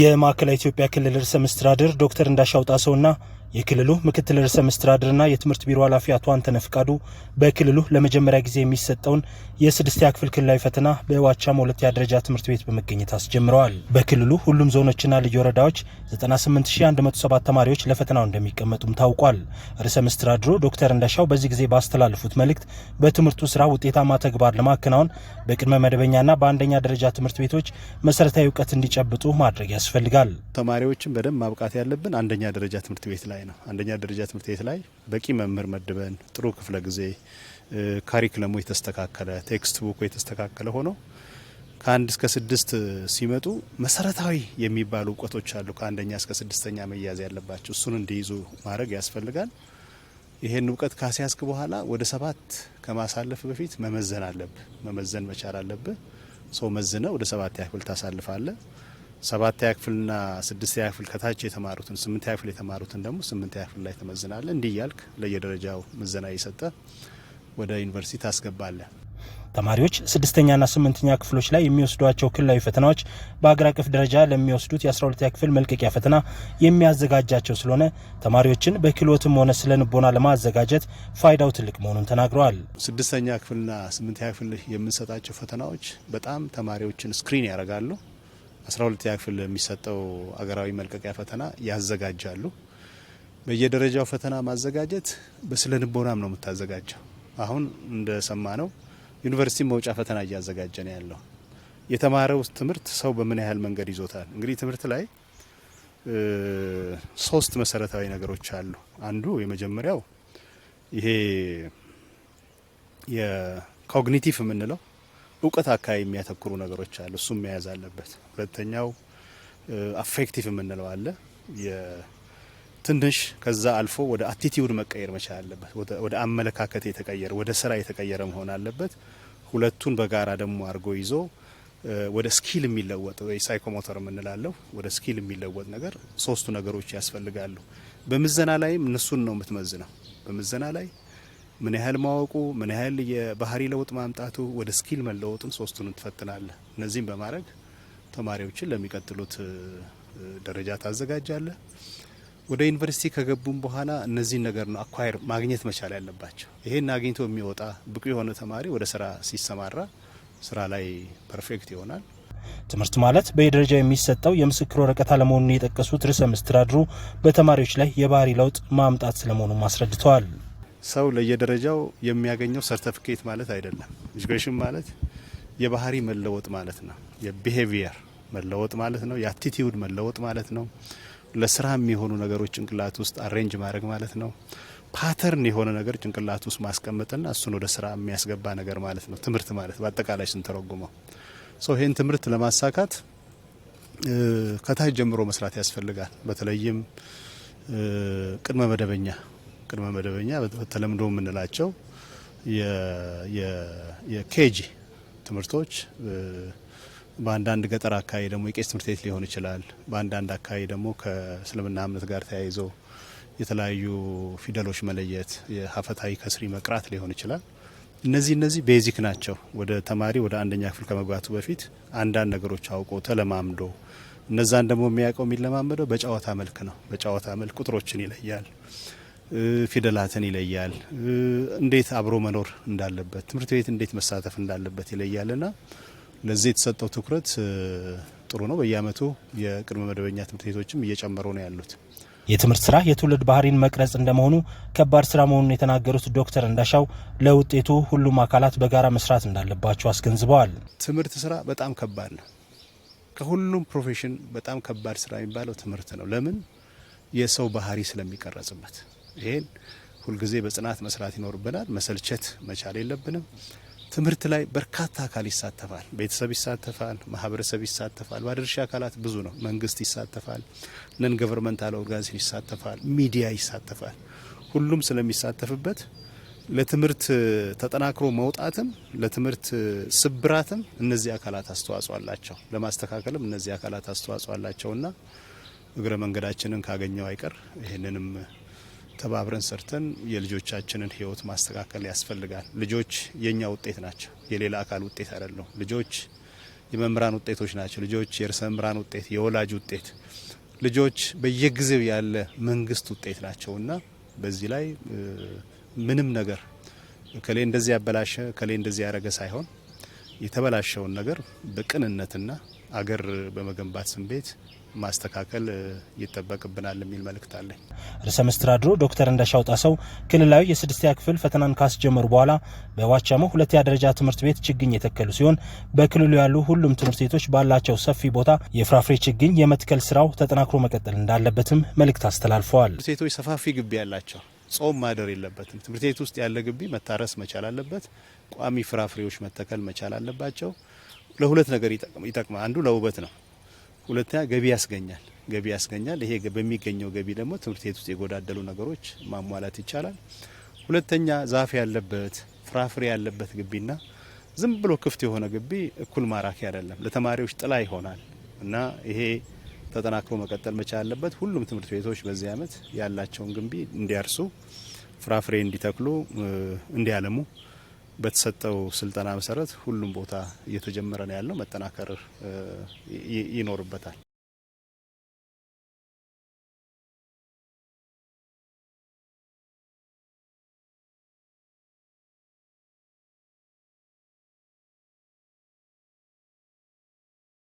የማዕከላዊ ኢትዮጵያ ክልል ርዕሰ መስተዳድር ዶክተር እንዳሻው ጣሰውና የክልሉ ምክትል ርዕሰ መስተዳድርና የትምህርት ቢሮ ኃላፊ አቶ አንተነህ ፍቃዱ በክልሉ ለመጀመሪያ ጊዜ የሚሰጠውን የስድስተኛ ክፍል ክልላዊ ፈተና በዋቻም ሁለተኛ ደረጃ ትምህርት ቤት በመገኘት አስጀምረዋል። በክልሉ ሁሉም ዞኖችና ልዩ ወረዳዎች 98107 ተማሪዎች ለፈተናው እንደሚቀመጡም ታውቋል። ርዕሰ መስተዳድሩ ዶክተር እንደሻው በዚህ ጊዜ ባስተላለፉት መልእክት በትምህርቱ ስራ ውጤታማ ተግባር ለማከናወን በቅድመ መደበኛና በአንደኛ ደረጃ ትምህርት ቤቶች መሰረታዊ እውቀት እንዲጨብጡ ማድረግ ያስፈልጋል። ተማሪዎችን በደንብ ማብቃት ያለብን አንደኛ ደረጃ ትምህርት ቤት ላይ ላይ ነው። አንደኛ ደረጃ ትምህርት ቤት ላይ በቂ መምህር መድበን ጥሩ ክፍለ ጊዜ ካሪክለሙ የተስተካከለ ቴክስት ቡኩ የተስተካከለ ሆኖ ከአንድ እስከ ስድስት ሲመጡ መሰረታዊ የሚባሉ እውቀቶች አሉ ከአንደኛ እስከ ስድስተኛ መያዝ ያለባቸው እሱን እንዲይዙ ማድረግ ያስፈልጋል። ይሄን እውቀት ካሲያስክ በኋላ ወደ ሰባት ከማሳለፍ በፊት መመዘን አለብህ። መመዘን መቻል አለብህ። ሰው መዝነ ወደ ሰባት ያክል ታሳልፋለህ። ሰባተኛ ክፍልና ስድስተኛ ክፍል ከታች የተማሩትን ስምንተኛ ክፍል የተማሩትን ደግሞ ስምንተኛ ክፍል ላይ ተመዝናለ እንዲህ እያልክ ለየደረጃው ምዘና እየሰጠ ወደ ዩኒቨርሲቲ ታስገባለ። ተማሪዎች ስድስተኛና ስምንተኛ ክፍሎች ላይ የሚወስዷቸው ክልላዊ ፈተናዎች በሀገር አቀፍ ደረጃ ለሚወስዱት የአስራ ሁለተኛ ክፍል መልቀቂያ ፈተና የሚያዘጋጃቸው ስለሆነ ተማሪዎችን በክህሎትም ሆነ ስነ ልቦና ለማዘጋጀት ፋይዳው ትልቅ መሆኑን ተናግረዋል። ስድስተኛ ክፍልና ስምንተኛ ክፍል የምንሰጣቸው ፈተናዎች በጣም ተማሪዎችን ስክሪን ያደርጋሉ። 12ኛ ክፍል የሚሰጠው አገራዊ መልቀቂያ ፈተና ያዘጋጃሉ። በየደረጃው ፈተና ማዘጋጀት በስለንቦናም ልቦናም ነው የምታዘጋጀው። አሁን እንደሰማ ነው ዩኒቨርሲቲ መውጫ ፈተና እያዘጋጀ ነው ያለው። የተማረው ትምህርት ሰው በምን ያህል መንገድ ይዞታል? እንግዲህ ትምህርት ላይ ሶስት መሰረታዊ ነገሮች አሉ። አንዱ የመጀመሪያው ይሄ የኮግኒቲቭ የምንለው እውቀት አካባቢ የሚያተኩሩ ነገሮች አሉ። እሱም መያዝ አለበት። ሁለተኛው አፌክቲቭ የምንለው አለ። ትንሽ ከዛ አልፎ ወደ አቲቲዩድ መቀየር መቻል አለበት። ወደ አመለካከት የተቀየረ ወደ ስራ የተቀየረ መሆን አለበት። ሁለቱን በጋራ ደግሞ አድርጎ ይዞ ወደ ስኪል የሚለወጥ ወይ ሳይኮሞተር የምንላለው ወደ ስኪል የሚለወጥ ነገር ሶስቱ ነገሮች ያስፈልጋሉ። በምዘና ላይም እነሱን ነው የምትመዝነው በምዘና ላይ ምን ያህል ማወቁ፣ ምን ያህል የባህሪ ለውጥ ማምጣቱ፣ ወደ ስኪል መለወጡን ሶስቱን ትፈትናለ እነዚህም በማድረግ ተማሪዎችን ለሚቀጥሉት ደረጃ ታዘጋጃለህ። ወደ ዩኒቨርሲቲ ከገቡም በኋላ እነዚህን ነገር ነው አኳየር ማግኘት መቻል ያለባቸው። ይሄን አግኝቶ የሚወጣ ብቁ የሆነ ተማሪ ወደ ስራ ሲሰማራ ስራ ላይ ፐርፌክት ይሆናል። ትምህርት ማለት በየደረጃ የሚሰጠው የምስክር ወረቀት አለመሆኑን የጠቀሱት ርዕሰ መስተዳድሩ በተማሪዎች ላይ የባህሪ ለውጥ ማምጣት ስለመሆኑም አስረድተዋል። ሰው ለየደረጃው የሚያገኘው ሰርተፍኬት ማለት አይደለም። ኤጁኬሽን ማለት የባህሪ መለወጥ ማለት ነው። የቢሄቪየር መለወጥ ማለት ነው። የአቲቲዩድ መለወጥ ማለት ነው። ለስራ የሚሆኑ ነገሮች ጭንቅላት ውስጥ አሬንጅ ማድረግ ማለት ነው። ፓተርን የሆነ ነገር ጭንቅላት ውስጥ ማስቀመጥና እሱን ወደ ስራ የሚያስገባ ነገር ማለት ነው። ትምህርት ማለት በአጠቃላይ ስንተረጉመው ሰው ይህን ትምህርት ለማሳካት ከታች ጀምሮ መስራት ያስፈልጋል። በተለይም ቅድመ መደበኛ ቅድመ መደበኛ በተለምዶ የምንላቸው የኬጂ ትምህርቶች በአንዳንድ ገጠር አካባቢ ደግሞ የቄስ ትምህርት ቤት ሊሆን ይችላል። በአንዳንድ አካባቢ ደግሞ ከእስልምና እምነት ጋር ተያይዞ የተለያዩ ፊደሎች መለየት፣ የሀፈታዊ ከስሪ መቅራት ሊሆን ይችላል። እነዚህ እነዚህ ቤዚክ ናቸው። ወደ ተማሪ ወደ አንደኛ ክፍል ከመግባቱ በፊት አንዳንድ ነገሮች አውቆ ተለማምዶ እነዛን ደግሞ የሚያውቀው የሚለማመደው በጨዋታ መልክ ነው። በጨዋታ መልክ ቁጥሮችን ይለያል። ፊደላትን ይለያል፣ እንዴት አብሮ መኖር እንዳለበት ትምህርት ቤት እንዴት መሳተፍ እንዳለበት ይለያል እና ለዚህ የተሰጠው ትኩረት ጥሩ ነው። በየአመቱ የቅድመ መደበኛ ትምህርት ቤቶችም እየጨመሩ ነው ያሉት። የትምህርት ስራ የትውልድ ባህሪን መቅረጽ እንደመሆኑ ከባድ ስራ መሆኑን የተናገሩት ዶክተር እንዳሻው ለውጤቱ ሁሉም አካላት በጋራ መስራት እንዳለባቸው አስገንዝበዋል። ትምህርት ስራ በጣም ከባድ ነው። ከሁሉም ፕሮፌሽን በጣም ከባድ ስራ የሚባለው ትምህርት ነው። ለምን? የሰው ባህሪ ስለሚቀረጽበት ይሄን ሁልጊዜ በጽናት መስራት ይኖርብናል። መሰልቸት መቻል የለብንም። ትምህርት ላይ በርካታ አካል ይሳተፋል። ቤተሰብ ይሳተፋል፣ ማህበረሰብ ይሳተፋል፣ ባለድርሻ አካላት ብዙ ነው። መንግስት ይሳተፋል፣ ነን ገቨርንመንታል ኦርጋኒዜሽን ይሳተፋል፣ ሚዲያ ይሳተፋል። ሁሉም ስለሚሳተፍበት ለትምህርት ተጠናክሮ መውጣትም ለትምህርት ስብራትም እነዚህ አካላት አስተዋጽኦ አላቸው። ለማስተካከልም እነዚህ አካላት አስተዋጽኦ አላቸውና እግረ መንገዳችንን ካገኘው አይቀር ይህንንም ተባብረን ሰርተን የልጆቻችንን ህይወት ማስተካከል ያስፈልጋል። ልጆች የእኛ ውጤት ናቸው፣ የሌላ አካል ውጤት አይደለም። ልጆች የመምህራን ውጤቶች ናቸው። ልጆች የርዕሰ መምህራን ውጤት፣ የወላጅ ውጤት፣ ልጆች በየጊዜው ያለ መንግስት ውጤት ናቸው እና በዚህ ላይ ምንም ነገር ከሌ እንደዚህ ያበላሸ ከሌ እንደዚህ ያደረገ ሳይሆን የተበላሸውን ነገር በቅንነትና አገር በመገንባት ስሜት ማስተካከል ይጠበቅብናል የሚል መልእክት አለኝ። ርዕሰ መስተዳድሩ ዶክተር እንዳሻው ጣሰው ክልላዊ የስድስተኛ ክፍል ፈተናን ካስጀመሩ በኋላ በዋቻሞ ሁለተኛ ደረጃ ትምህርት ቤት ችግኝ የተከሉ ሲሆን በክልሉ ያሉ ሁሉም ትምህርት ቤቶች ባላቸው ሰፊ ቦታ የፍራፍሬ ችግኝ የመትከል ስራው ተጠናክሮ መቀጠል እንዳለበትም መልእክት አስተላልፈዋል። ትምህርት ቤቶች ሰፋፊ ግቢ ያላቸው ጾም ማደር የለበትም። ትምህርት ቤት ውስጥ ያለ ግቢ መታረስ መቻል አለበት። ቋሚ ፍራፍሬዎች መተከል መቻል አለባቸው። ለሁለት ነገር ይጠቅማል። አንዱ ለውበት ነው። ሁለተኛ ገቢ ያስገኛል ገቢ ያስገኛል። ይሄ በሚገኘው ገቢ ደግሞ ትምህርት ቤት ውስጥ የጎዳደሉ ነገሮች ማሟላት ይቻላል። ሁለተኛ ዛፍ ያለበት ፍራፍሬ ያለበት ግቢና ዝም ብሎ ክፍት የሆነ ግቢ እኩል ማራኪ አይደለም፣ ለተማሪዎች ጥላ ይሆናል እና ይሄ ተጠናክሮ መቀጠል መቻል አለበት። ሁሉም ትምህርት ቤቶች በዚህ ዓመት ያላቸውን ግንቢ እንዲያርሱ፣ ፍራፍሬ እንዲተክሉ፣ እንዲያለሙ በተሰጠው ስልጠና መሰረት ሁሉም ቦታ እየተጀመረ ነው ያለው። መጠናከር ይኖርበታል።